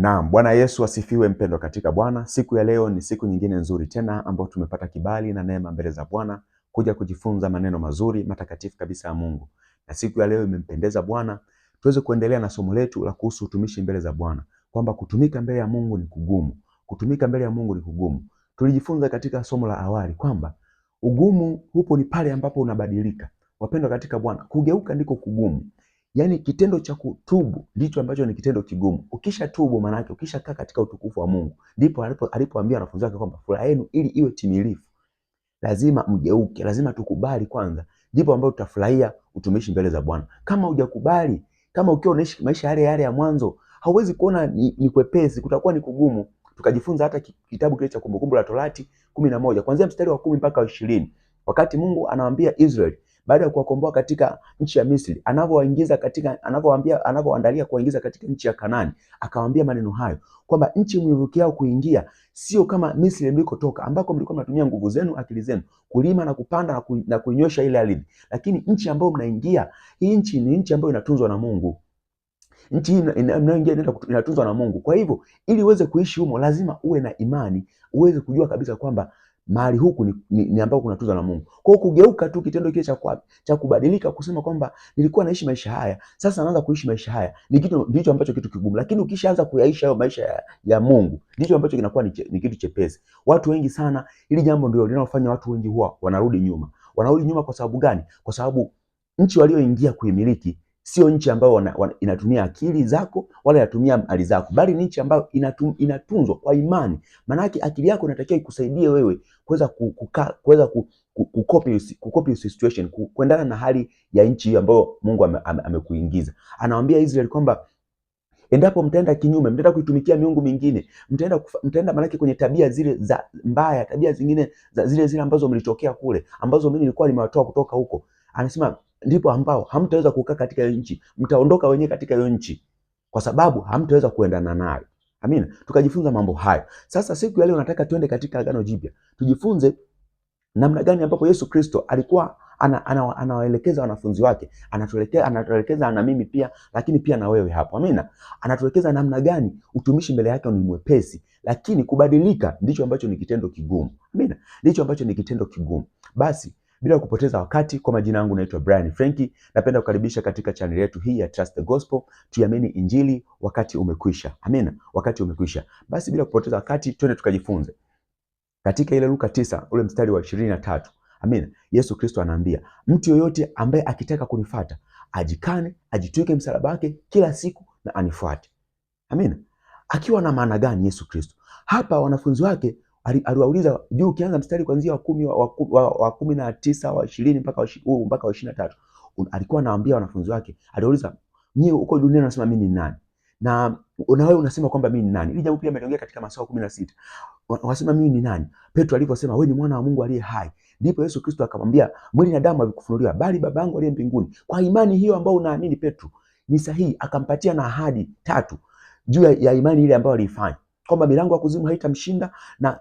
Naam, Bwana Yesu asifiwe. Mpendwa katika Bwana, siku ya leo ni siku nyingine nzuri tena ambayo tumepata kibali na neema mbele za Bwana kuja kujifunza maneno mazuri matakatifu kabisa ya Mungu, na siku ya leo imempendeza Bwana tuweze kuendelea na somo letu la kuhusu utumishi mbele za Bwana, kwamba kutumika mbele ya Mungu ni kugumu. Kutumika mbele ya Mungu ni kugumu. Tulijifunza katika somo la awali kwamba ugumu hupo ni pale ambapo unabadilika. Wapendwa katika Bwana, kugeuka ndiko kugumu. Yaani kitendo cha kutubu ndicho ambacho ni kitendo kigumu. Ukisha tubu maana yake ukisha kaa katika utukufu wa Mungu, ndipo alipoambia wanafunzi wake kwamba furaha yenu ili iwe timilifu lazima mgeuke, lazima tukubali kwanza, ndipo ambapo tutafurahia utumishi mbele za Bwana. Kama hujakubali, kama ukiwa unaishi maisha yale yale ya mwanzo, hauwezi kuona ni, ni kwepesi, kutakuwa ni kugumu. Tukajifunza hata kitabu kile cha Kumbukumbu la Torati 11 kuanzia mstari wa kumi mpaka wa ishirini wakati Mungu anawaambia Israeli baada ya kuwakomboa katika nchi ya Misri, anavyoingiza katika, anavyowaambia, anavyoandalia kuwaingiza katika nchi ya kanani akawaambia maneno hayo kwamba nchi mwivukiao kuingia sio kama Misri mlikotoka, ambako mlikuwa mnatumia nguvu zenu, akili zenu kulima na kupanda na kuinyosha ile ardhi, lakini nchi ambayo mnaingia hii nchi ni nchi ambayo inatunzwa na Mungu nchi mnayoingia inatunzwa na Mungu. Kwa hivyo ili uweze kuishi humo, lazima uwe na imani, uweze kujua kabisa kwamba mahali huku ni, ni, ni ambao kunatunzwa na Mungu. Kwa hiyo kugeuka tu kitendo kile cha cha kubadilika kusema kwamba nilikuwa naishi maisha haya, sasa naanza kuishi maisha haya. Ni kitu ndicho ambacho kitu kigumu, lakini ukishaanza kuyaisha hayo maisha ya, ya Mungu ndicho ambacho kinakuwa ni, ni kitu chepesi. Watu wengi sana, ili jambo ndio linalofanya watu wengi huwa wanarudi nyuma. Wanarudi nyuma kwa sababu gani? Kwa sababu nchi walioingia kuimiliki sio nchi ambayo wana, wana, inatumia akili zako wala inatumia mali zako, bali ni nchi ambayo inatum, inatunzwa kwa imani. Maanake akili yako inatakiwa ikusaidie wewe kuweza kuweza kukopi kukopi situation kuendana na hali ya nchi hiyo ambayo Mungu amekuingiza. Ame, ame anawaambia Israel kwamba endapo mtaenda kinyume, mtaenda kuitumikia miungu mingine, mtaenda mtaenda manake kwenye tabia zile za mbaya, tabia zingine za zile zile ambazo mlitokea kule, ambazo mimi nilikuwa nimewatoa kutoka huko, anasema ndipo ambao hamtaweza kukaa katika hiyo nchi, mtaondoka wenyewe katika hiyo nchi, kwa sababu hamtaweza kuendana nayo. Amina, tukajifunza mambo hayo. Sasa siku ya leo nataka tuende katika Agano Jipya tujifunze namna gani ambapo Yesu Kristo alikuwa anawaelekeza ana, ana wanafunzi wake, anatuelekeza anatuelekeza na mimi pia, lakini pia na wewe hapo. Amina, anatuelekeza namna gani utumishi mbele yake ni mwepesi, lakini kubadilika ndicho ambacho ni kitendo kigumu. Amina, ndicho ambacho ni kitendo kigumu. Basi bila kupoteza wakati, kwa majina yangu naitwa Brian Frenki. Napenda kukaribisha katika channel yetu hii ya Trust the Gospel. Tuiamini Injili, wakati umekwisha. Amina, wakati umekwisha. Basi bila kupoteza wakati, twende tukajifunze katika ile Luka tisa ule mstari wa ishirini na tatu. Amina. Yesu Kristo anaambia mtu yoyote ambaye akitaka kunifata ajikane, ajitwike msalaba wake kila siku na anifuate. Amina. Akiwa na maana gani Yesu Kristo hapa? Wanafunzi wake aliwauliza juu, ukianza mstari kuanzia wa kumi wa, wa, wa, kumi na tisa wa ishirini mpaka huu mpaka wa ishirini na tatu alikuwa anawaambia wanafunzi wake, aliwauliza nyie, uko duniani unasema mimi ni nani na na wewe unasema kwamba mimi ni nani? Ili jambo pia ametongea katika Mathayo 16. Wasema mimi ni nani? Petro aliposema wewe ni mwana wa Mungu aliye hai, ndipo Yesu Kristo akamwambia mwili na damu havikufunuliwa, bali baba yangu aliye mbinguni. Kwa imani hiyo ambayo unaamini Petro ni sahihi, akampatia na ahadi tatu juu ya imani ile ambayo aliifanya kwamba milango ya kuzimu haitamshinda na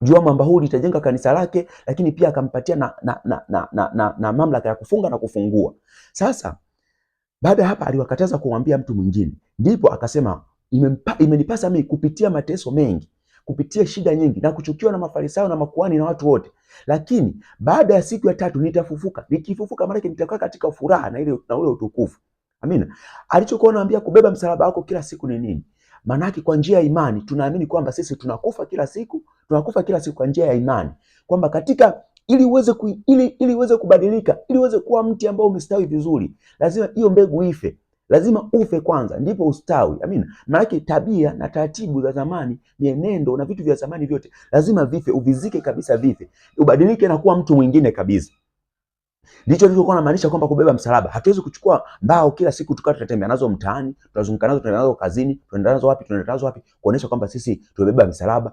Jua mwamba huu litajenga kanisa lake, lakini pia akampatia na, na, na, na, na, na, na mamlaka ya kufunga na kufungua. Sasa baada ya hapa aliwakataza kumwambia mtu mwingine, ndipo akasema imenipasa mimi kupitia mateso mengi kupitia shida nyingi na kuchukiwa na mafarisayo na makuhani na watu wote, lakini baada ya siku ya tatu nitafufuka. Nikifufuka maanake nitakaa katika furaha na ile na ule utukufu. Amina. Alichokuwa anaambia kubeba msalaba wako kila siku ni nini? Maanake kwa njia ya imani tunaamini kwamba sisi tunakufa kila siku Tunakufa kila siku kwa njia ya imani, kwamba katika ili uweze ku, ili, ili uweze kubadilika, ili uweze kuwa mti ambao umestawi vizuri, lazima hiyo mbegu ife, lazima ufe kwanza, ndipo ustawi. Amina. Maana tabia na taratibu za zamani, mienendo na vitu vya zamani vyote lazima vife, uvizike kabisa, vife, ubadilike na kuwa mtu mwingine kabisa. Ndicho nilichokuwa namaanisha kwamba kubeba msalaba. Hatuwezi kuchukua mbao kila siku tukawa tunatembea nazo mtaani, tunazunguka nazo, tunaenda nazo kazini, tunaenda nazo wapi, tunaenda nazo wapi, kuonesha kwamba sisi tumebeba msalaba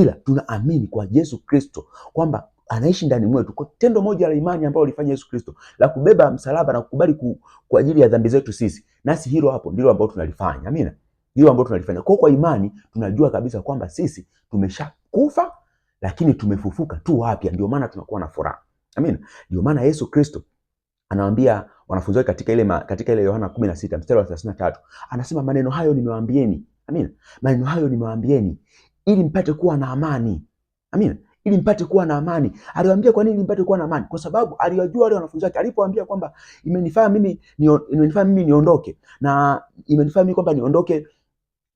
ila tunaamini kwa Yesu Kristo kwamba anaishi ndani mwetu kwa tendo moja la imani ambalo alifanya Yesu Kristo la kubeba msalaba na kukubali ku, kwa ajili ya dhambi zetu sisi, nasi hilo hapo ndilo ambalo tunalifanya. Amina, hilo ambalo tunalifanya kwa kwa imani. Tunajua kabisa kwamba sisi tumeshakufa, lakini tumefufuka tu wapya, ndio maana tunakuwa na furaha. Amina, ndio maana Yesu Kristo anawaambia wanafunzi wake katika ile katika ile Yohana 16 mstari wa 33 anasema maneno hayo nimewaambieni. Amina, maneno hayo nimewaambieni ili mpate kuwa na amani. Amina, ili mpate kuwa na amani. Aliwaambia kwa nini mpate kuwa na amani? Kwa sababu aliwajua wale wanafunzi wake. alipowaambia kwamba imenifaa mimi imenifaa mimi niondoke na imenifaa mimi kwamba niondoke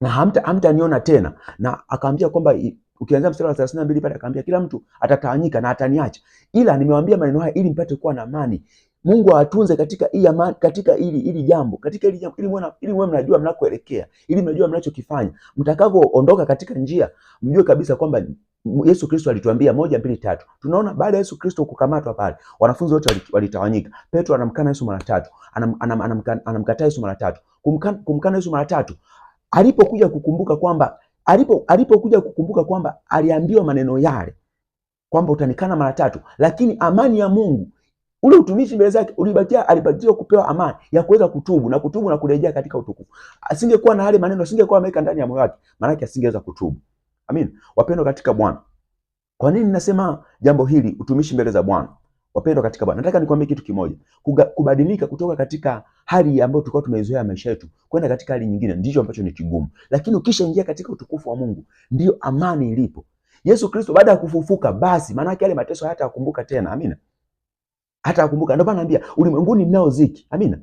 na hamta niona tena, na akaambia kwamba ukianzia mstari wa 32 pale akaambia kila mtu atatawanyika na ataniacha, ila nimewaambia maneno haya ili mpate kuwa na amani. Mungu awatunze katika hii amani, katika hili hili jambo, katika hili jambo, ili mwana, ili mwana mnajua mnakoelekea, ili mnajua mnachokifanya. Mtakavyoondoka katika njia, mjue kabisa kwamba Yesu Kristo alituambia moja, mbili, tatu. Tunaona baada ya Yesu Kristo kukamatwa pale, wanafunzi wote walitawanyika. Petro anamkana Yesu mara tatu, anam, anam, anamkana, anamkataa Yesu mara tatu, kumkana, kumkana Yesu mara tatu. Alipokuja kukumbuka kwamba alipo alipokuja kukumbuka kwamba aliambiwa maneno yale kwamba utanikana mara tatu, lakini amani ya Mungu ule utumishi mbele zake ulibakia, alibarikiwa kupewa amani ya kuweza kutubu na kutubu na kurejea katika utukufu. Asingekuwa na yale maneno, asingekuwa ameweka ndani ya moyo wake, maana yake asingeweza kutubu. Amin, wapendwa katika Bwana. Kwa nini nasema jambo hili, utumishi mbele za Bwana? Wapendwa katika Bwana, nataka nikwambie kitu kimoja, kubadilika kutoka katika hali ambayo tulikuwa tumeizoea maisha yetu kwenda katika hali nyingine, ndicho ambacho ni kigumu, lakini ukishaingia katika utukufu wa Mungu, ndio amani ilipo. Yesu Kristo baada ya kufufuka, basi maana yake yale mateso hata yakumbuka tena. Amina hata akumbuka. Ndio maana anambia ulimwenguni mnao ziki. Amina,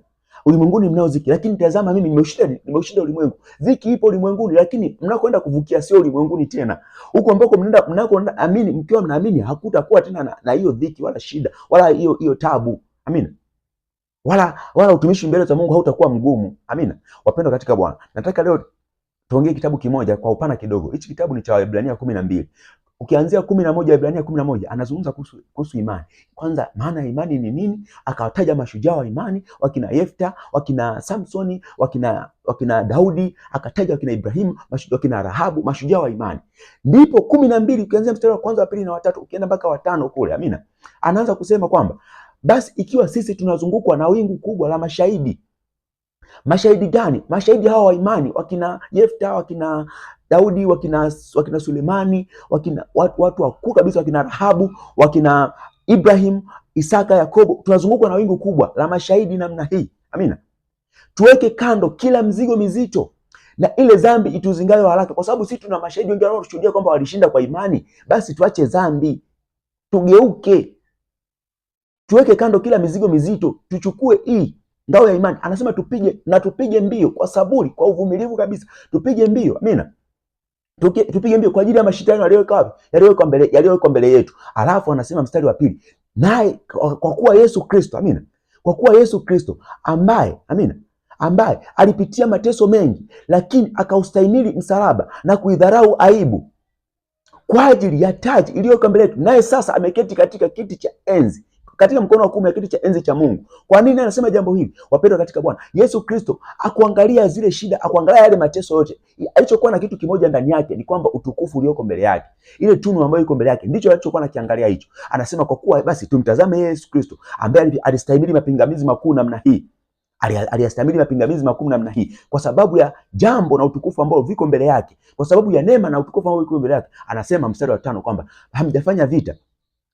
ulimwenguni mnao ziki, lakini tazama, mimi nimeushinda, nimeushinda ulimwengu. Ziki ipo ulimwenguni, lakini mnakoenda kuvukia sio ulimwenguni tena, huko ambako mnaenda, mnakoenda, amini, mkiwa mnaamini, hakutakuwa tena na hiyo dhiki wala shida wala hiyo hiyo tabu. Amina wala wala utumishi mbele za Mungu hautakuwa mgumu. Amina. Wapendwa katika Bwana, nataka leo tuongee kitabu kimoja kwa upana kidogo. Hichi kitabu ni cha Waebrania kumi na mbili ukianzia kumi na moja Ibrania kumi na moja anazungumza kuhusu, kuhusu imani kwanza, maana ya imani ni nini? Akawataja mashujaa wa imani wakina Yefta, wakina Samsoni, wakina, wakina Daudi, akataja wakina Ibrahimu, wakina Rahabu, mashujaa wa imani. Ndipo kumi na mbili ukianzia mstari wa kwanza wa pili na watatu ukienda mpaka watano kule, amina, anaanza kusema kwamba basi ikiwa sisi tunazungukwa na wingu kubwa la mashahidi mashahidi gani? Mashahidi hawa wa imani wakina Yefta, wakina Daudi, wakina, wakina Sulemani, wakina watu, watu wakuu kabisa, wakina Rahabu, wakina Ibrahim, Isaka, Yakobo. Tunazungukwa na wingu kubwa la mashahidi namna hii. Amina. Tuweke kando kila mzigo mizito na ile dhambi ituzingayo haraka, kwa sababu sisi tuna mashahidi wengi wanaoshuhudia kwamba walishinda kwa imani. Basi tuache dhambi, tugeuke, tuweke kando kila mizigo mizito, tuchukue hii ngao ya imani. Anasema tupige na tupige mbio kwa saburi, kwa uvumilivu kabisa, tupige mbio. Amina tupige mbio kwa ajili ya mashindano yaliyowekwa wapi? Yaliyowekwa mbele, yaliyowekwa mbele yetu. Alafu anasema mstari wa pili, naye kwa kuwa Yesu Kristo, amina, kwa kuwa Yesu Kristo ambaye, amina, ambaye alipitia mateso mengi, lakini akaustahimili msalaba na kuidharau aibu kwa ajili ya taji iliyowekwa mbele yetu, naye sasa ameketi katika kiti cha enzi katika mkono wa kuume kiti cha enzi cha Mungu. Kwa nini anasema jambo hili? Wapendwa katika Bwana Yesu Kristo, akuangalia zile shida, akuangalia yale mateso yote. Alichokuwa na kitu kimoja ndani yake ni kwamba utukufu ulioko mbele yake, ile tunu ambayo iko mbele yake, ndicho alichokuwa nakiangalia hicho. Anasema kwa kuwa basi tumtazame Yesu Kristo ambaye alistahimili mapingamizi makuu namna hii aliyastahimili mapingamizi makuu namna hii kwa sababu ya jambo na utukufu ambao viko mbele yake, kwa sababu ya neema na utukufu ambao viko mbele yake. Anasema mstari wa tano kwamba hamjafanya vita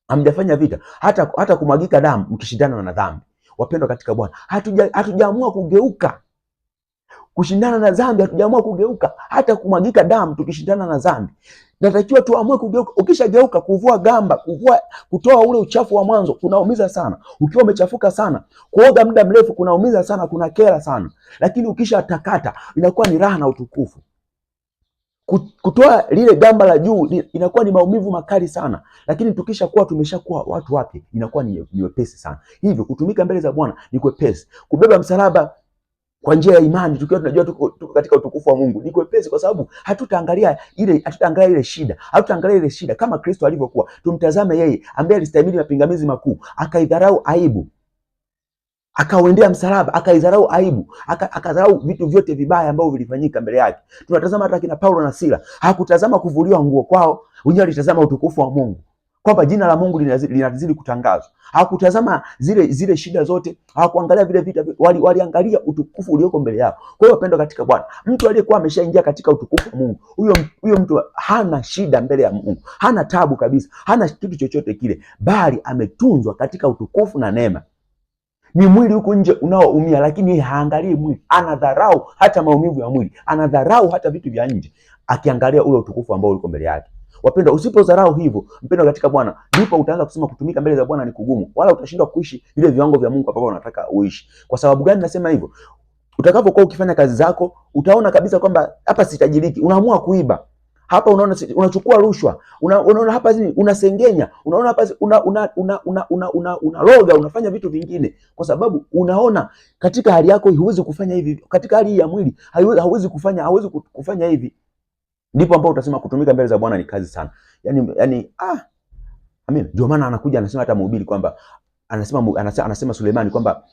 hamjafanya vita hata, hata kumwagika damu mkishindana na dhambi. Wapendwa katika Bwana, hatujaamua kugeuka kushindana na dhambi, hatujaamua kugeuka hata kumwagika damu tukishindana na dhambi. Natakiwa tuamue kugeuka. Ukishageuka kuvua gamba, kuvua kutoa ule uchafu wa mwanzo kunaumiza sana. Ukiwa umechafuka sana, kuoga muda mrefu kunaumiza sana, kuna kera sana, lakini ukishatakata inakuwa ni raha na utukufu kutoa lile gamba la juu inakuwa ni maumivu makali sana, lakini tukisha kuwa tumesha kuwa watu wake inakuwa ni, ni wepesi sana. Hivyo kutumika mbele za Bwana ni kwepesi, kubeba msalaba kwa njia ya imani tukiwa tunajua tuko, tuko katika utukufu wa Mungu ni kwepesi, kwa sababu hatutaangalia ile hatutaangalia ile shida hatutaangalia ile shida kama Kristo alivyokuwa. Tumtazame yeye ambaye alistahimili mapingamizi makuu, akaidharau aibu akauendea msalaba, akaidharau aibu, akadharau vitu vyote vibaya ambavyo vilifanyika mbele yake. Tunatazama hata kina Paulo na Sila, hakutazama kuvuliwa nguo kwao, wenyewe walitazama utukufu wa Mungu kwamba jina la Mungu linazidi kutangazwa. Hawakutazama zile zile shida zote, hawakuangalia vile vita, wali, waliangalia utukufu ulioko mbele yao. Kwa hiyo wapendwa katika Bwana, mtu aliyekuwa ameshaingia katika utukufu wa Mungu, huyo huyo mtu hana shida mbele ya Mungu, hana tabu kabisa, hana kitu chochote kile, bali ametunzwa katika utukufu na neema ni mwili huko nje unaoumia, lakini haangalii mwili, anadharau hata maumivu ya mwili, anadharau hata vitu vya nje, akiangalia ule utukufu ambao uliko mbele yake. Wapendwa, usipodharau hivyo, mpendwa katika Bwana, ndipo utaanza kusema kutumika mbele za Bwana ni kugumu, wala utashindwa kuishi vile viwango vya Mungu ambavyo unataka uishi. Kwa sababu gani nasema hivyo? Utakapokuwa ukifanya kazi zako, utaona kabisa kwamba hapa sitajiriki, unaamua kuiba hapa unaona unachukua rushwa, unaona hapa unasengenya, unaona hapa unaloga, una, una, una, una, una unafanya vitu vingine, kwa sababu unaona katika hali yako huwezi kufanya hivi, katika hali ya mwili hauwezi kufanya, hauwezi kufanya hivi. Ndipo ambao utasema kutumika mbele za Bwana ni kazi sana, yani, yani, ah, amen. Ndio maana anakuja anasema hata mhubiri kwamba anasema, anasema, anasema Sulemani kwamba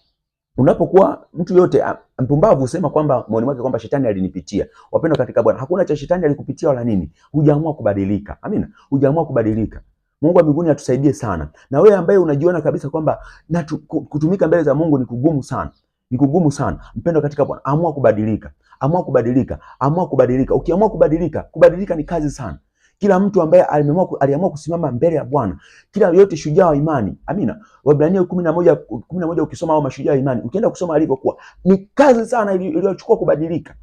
Unapokuwa mtu yote ah, mpumbavu husema kwamba moyoni mwake kwamba shetani alinipitia. Wapendwa katika Bwana, hakuna cha shetani alikupitia wala nini, hujaamua kubadilika. Amina, hujaamua kubadilika. Mungu wa mbinguni atusaidie sana. Na wewe ambaye unajiona kabisa kwamba kutumika mbele za Mungu ni kugumu sana, ni kugumu sana, mpendwa katika Bwana, amua kubadilika, amua kubadilika, amua kubadilika. Ukiamua kubadilika, kubadilika ni kazi sana kila mtu ambaye aliamua kusimama mbele ya Bwana, kila yote shujaa wa imani. Amina. Waebrania kumi na moja ukisoma au mashujaa wa imani, ukienda kusoma alivyokuwa, ni kazi sana iliyochukua kubadilika,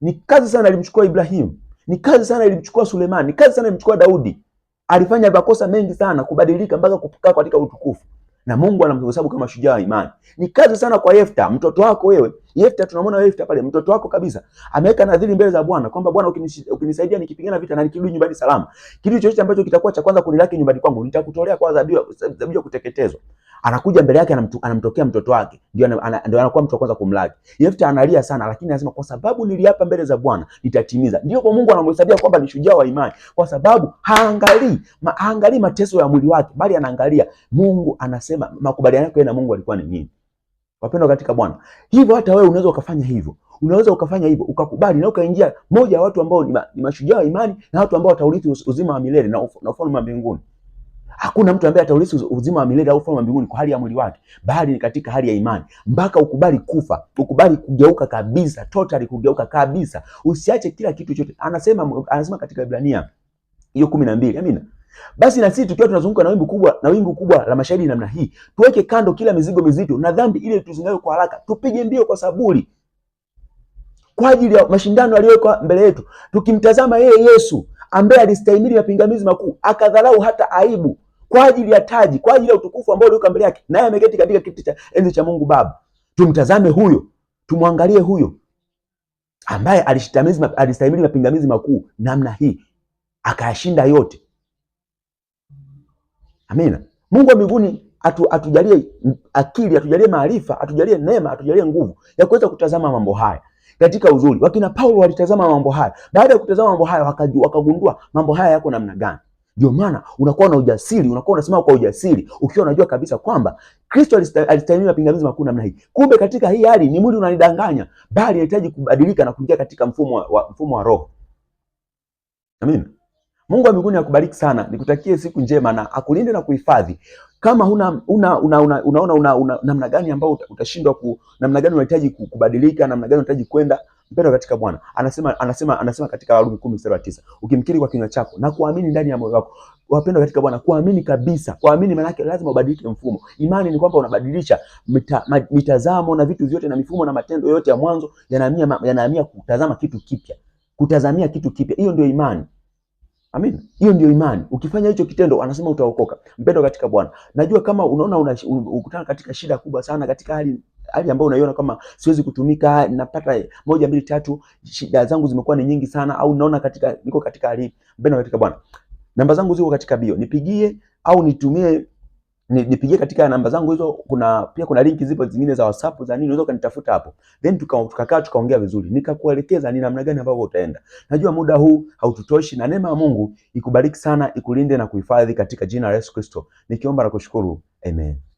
ni kazi sana ilimchukua ibrahim ni kazi sana ilimchukua Sulemani, ni kazi sana ilimchukua Daudi. Alifanya makosa mengi sana kubadilika mpaka kufika katika utukufu na Mungu anamhesabu kama shujaa wa imani. Ni kazi sana kwa Yefta, mtoto wako wewe. Yefta tunamwona Yefta pale, mtoto wako kabisa, ameweka nadhiri mbele za Bwana kwamba Bwana, ukinisaidia nikipigana vita na nikirudi nyumbani salama, kitu chochote ambacho kitakuwa cha kwanza kunilaki nyumbani kwangu nitakutolea kwa dhabihu ya kuteketezwa anakuja mbele yake anamtu, anamtokea mtoto wake ndio ndio anakuwa mtu wa kwanza kumlaki. Yefta analia sana, lakini anasema kwa sababu niliapa mbele za Bwana nitatimiza. Ndio kwa Mungu anamhesabia kwamba ni shujaa wa imani, kwa sababu haangalii ma, haangalii mateso ya mwili wake, bali anaangalia Mungu. Anasema makubaliano yake na Mungu alikuwa ni nini? Wapendwa katika Bwana, hivyo hata wewe unaweza ukafanya hivyo unaweza ukafanya hivyo ukakubali na ukaingia moja ya watu ambao ni mashujaa wa imani na watu ambao wataurithi uzima wa milele na ufalme wa mbinguni. Hakuna mtu ambaye ataurithi uzima wa milele au ufalme wa mbinguni kwa hali ya mwili wake, bali ni katika hali ya imani, mpaka ukubali kufa, ukubali kugeuka kabisa, totally kugeuka kabisa, usiache kila kitu chote. Anasema, anasema katika Ibrania hiyo kumi na mbili. Amina. Basi na sisi tukiwa tunazunguka na wingu kubwa na wingu kubwa la mashahidi namna hii, tuweke kando kila mizigo mizito na dhambi ile tuzingayo kwa haraka, tupige mbio kwa saburi kwa ajili ya mashindano yaliyowekwa mbele yetu, tukimtazama yeye Yesu ambaye alistahimili mapingamizi makuu, akadharau hata aibu kwa ajili ya taji, kwa ajili ya utukufu ambao uliokuwa mbele yake, naye ameketi katika kiti cha enzi cha Mungu Baba. Tumtazame huyo, tumwangalie huyo ambaye alishitamizi alistahimili mapingamizi makuu namna hii akayashinda yote. Amina. Mungu wa mbinguni atu, atujalie akili, atujalie maarifa, atujalie neema, atujalie nguvu ya kuweza kutazama mambo haya katika uzuri. Wakina Paulo walitazama mambo haya, baada ya kutazama mambo haya wakagundua mambo haya yako namna gani. Ndio maana unakuwa na ujasiri, unakuwa unasema kwa ujasiri ukiwa unajua kabisa kwamba Kristo alistahimili mapingamizi makuu namna hii. Kumbe katika hii hali ni mwili unanidanganya, bali inahitaji kubadilika na kuingia katika mfumo wa, mfumo wa roho. Amen. Mungu wa mbinguni akubariki sana, nikutakie siku njema na akulinde na kuhifadhi. Kama una, una, una, una, unaona una, una, namna gani ambayo utashindwa ku, namna gani unahitaji kubadilika, namna gani unahitaji kwenda Mpendwa katika Bwana anasema, anasema, anasema katika Warumi kumi mstari wa tisa ukimkiri kwa kinywa chako na kuamini ndani ya moyo wako. Wapendwa katika Bwana, kuamini kabisa. Kuamini maana yake lazima ubadilike mfumo. Imani ni kwamba unabadilisha mita, mitazamo na vitu vyote na mifumo na matendo yote ya mwanzo yanahamia yanahamia kutazama kitu kipya, kutazamia kitu kipya. Hiyo ndio imani. Amin. Hiyo ndio imani. Ukifanya hicho kitendo anasema utaokoka. Mpendwa katika Bwana, najua kama unaona unakutana katika shida kubwa sana, katika hali hali ambayo unaiona kama siwezi kutumika, napata moja mbili tatu, shida zangu zimekuwa ni nyingi sana, au naona katika niko katika hali mbona katika bwana, namba zangu ziko katika bio, nipigie au nitumie nipigie katika namba zangu hizo. Kuna pia kuna linki zipo zingine za WhatsApp za nini, unaweza ukanitafuta hapo, then tukakaa tukaongea vizuri, nikakuelekeza ni namna gani ambavyo utaenda. Najua muda huu haututoshi, na neema ya Mungu ikubariki sana, ikulinde na kuhifadhi katika jina la Yesu Kristo, nikiomba na kushukuru amen.